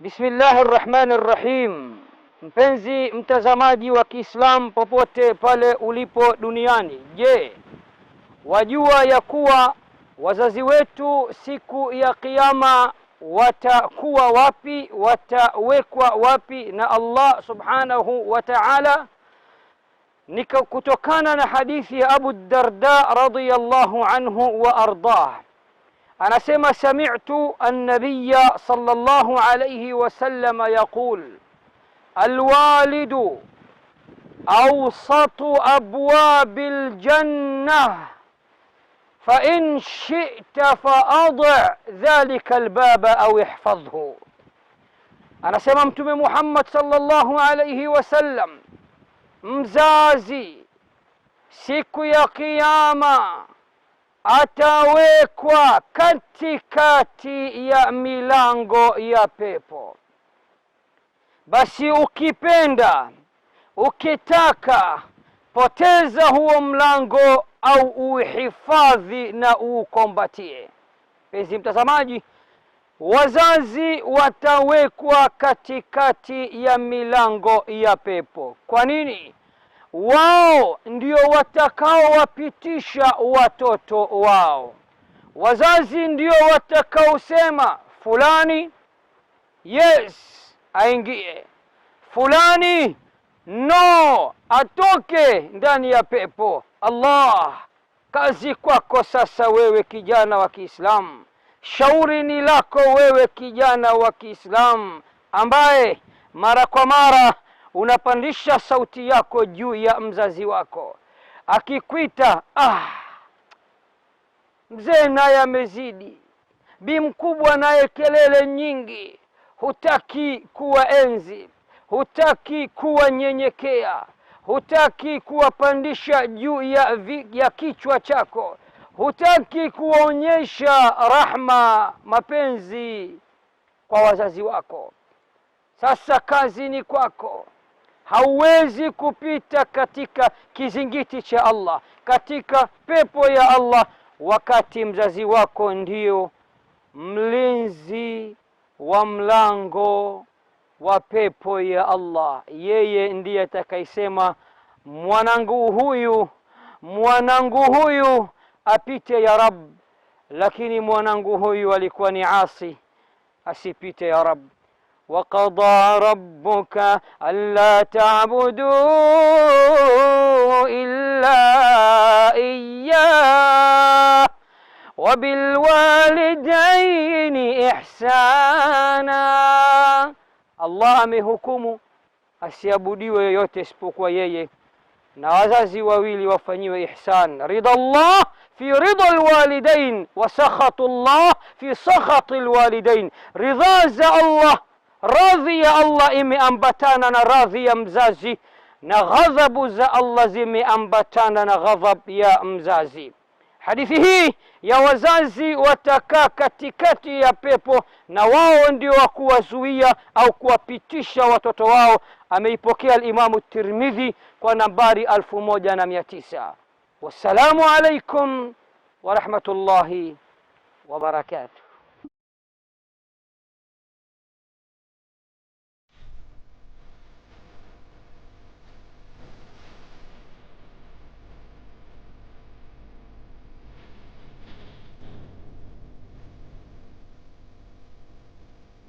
Bismillahi rrahmani rrahim. Mpenzi mtazamaji wa Kiislamu popote pale ulipo duniani, je, wajua ya kuwa wazazi wetu siku ya Kiyama watakuwa wapi? Watawekwa wapi na Allah subhanahu wa ta'ala? Ni kutokana na hadithi ya Abu Darda radhiyallahu anhu wa ardhah أنا سيما سمعت النبي صلى الله عليه وسلم يقول الوالد أوسط أبواب الجنة فإن شئت فأضع ذلك الباب أو احفظه أنا سممت من محمد صلى الله عليه وسلم مزازي سكو يا قيامة atawekwa katikati ya milango ya pepo. Basi ukipenda, ukitaka, poteza huo mlango au uhifadhi na uukombatie. Mpenzi mtazamaji, wazazi watawekwa katikati ya milango ya pepo. Kwa nini? wao ndio watakaowapitisha watoto wao. Wazazi ndio watakaosema fulani yes aingie, fulani no atoke ndani ya pepo. Allah, kazi kwako sasa, wewe kijana wa Kiislamu. Shauri ni lako wewe kijana wa Kiislamu ambaye mara kwa mara unapandisha sauti yako juu ya mzazi wako, akikwita ah, mzee naye amezidi, bi mkubwa naye kelele nyingi, hutaki kuwaenzi, hutaki kuwanyenyekea, hutaki kuwapandisha juu ya, ya kichwa chako, hutaki kuwaonyesha rahma, mapenzi kwa wazazi wako. Sasa kazi ni kwako hauwezi kupita katika kizingiti cha Allah, katika pepo ya Allah, wakati mzazi wako ndio mlinzi wa mlango wa pepo ya Allah. Yeye ndiye atakayesema mwanangu huyu, mwanangu huyu apite ya Rab, lakini mwanangu huyu alikuwa ni asi, asipite ya Rab. وقضى ربك ألا تعبدوا إلا إياه وبالوالدين إحسانا Allah amehukumu asiabudiwe yoyote isipokuwa yeye na wazazi wawili wafanyiwe ihsan ridha Allah fi ridha alwalidain wa sakhatu Allah fi sakhati alwalidain ridha za Allah radhi ya Allah imeambatana na radhi ya mzazi na ghadhabu za Allah zimeambatana na ghadhab ya mzazi. Hadithi hii ya wazazi watakaa katikati ya pepo na wao ndio wa kuwazuia au kuwapitisha watoto wao, ameipokea Alimamu Tirmidhi kwa nambari alfu moja na mia tisa. Wassalamu alaikum warahmatullahi wabarakatuh.